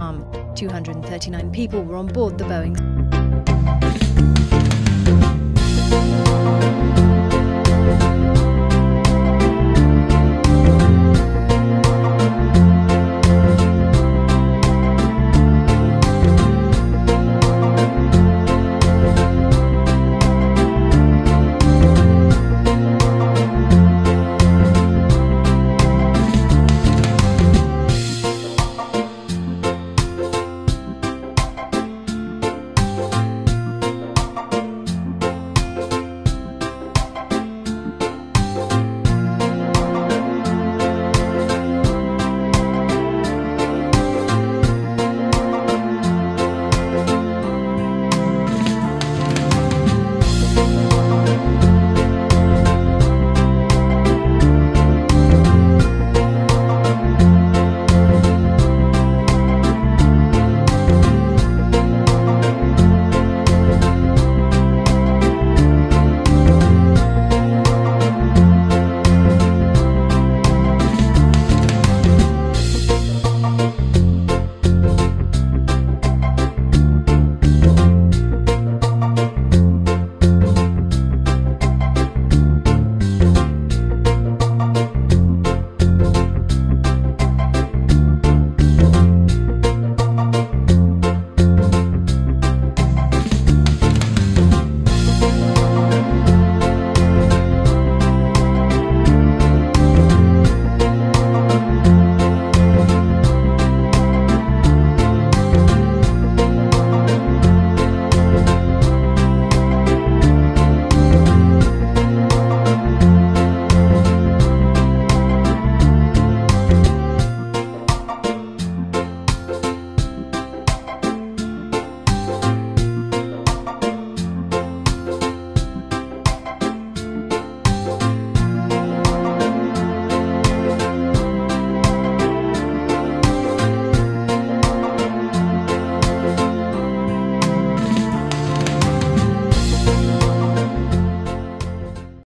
Um, 239 people were on board the Boeing